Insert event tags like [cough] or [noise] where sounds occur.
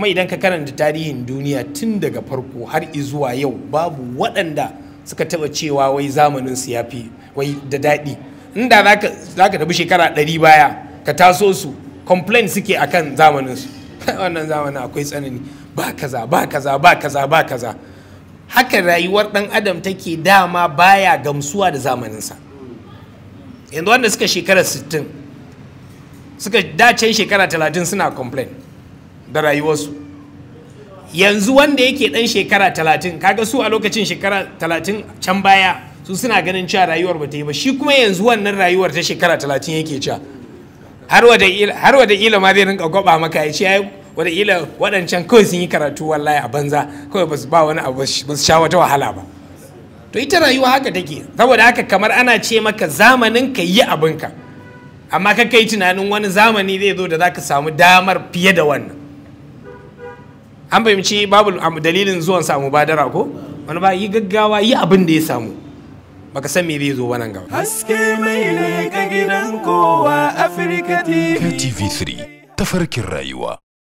kuma idan ka karanta tarihin duniya tun daga farko har izuwa yau babu waɗanda suka taɓa cewa wai zamanin su ya fi wai da daɗi inda za ka tafi shekara ɗari baya ka taso su complain suke akan zamanin su [laughs] wannan zamanin akwai tsanani ba kaza ba kaza ba kaza ba kaza haka rayuwar ɗan adam take dama baya gamsuwa da zamaninsa yanzu wanda suka shekara 60 suka dace shekara 30 suna complain da rayuwarsu yanzu wanda yake dan shekara talatin kaga su a lokacin shekara talatin can baya su suna ganin cewa rayuwar ba ta yi ba shi kuma yanzu wannan rayuwar ta shekara talatin yake cewa har wada ila ma zai rinka gwaba maka ya ce wada ila waɗancan kawai sun yi karatu wallahi a banza kawai ba su ba wani abu ba su sha wata wahala ba to ita rayuwa haka take saboda haka kamar ana ce maka zamanin ka yi abinka amma ka kai tunanin wani zamani zai zo da zaka samu damar fiye da wannan an fahimci babu dalilin zuwan samu badara ko wani ba yi gaggawa yi abin da ya samu baka san me zai zo ba nan gaba haske mai ne ga gidan kowa afirka tv3 tafarkin rayuwa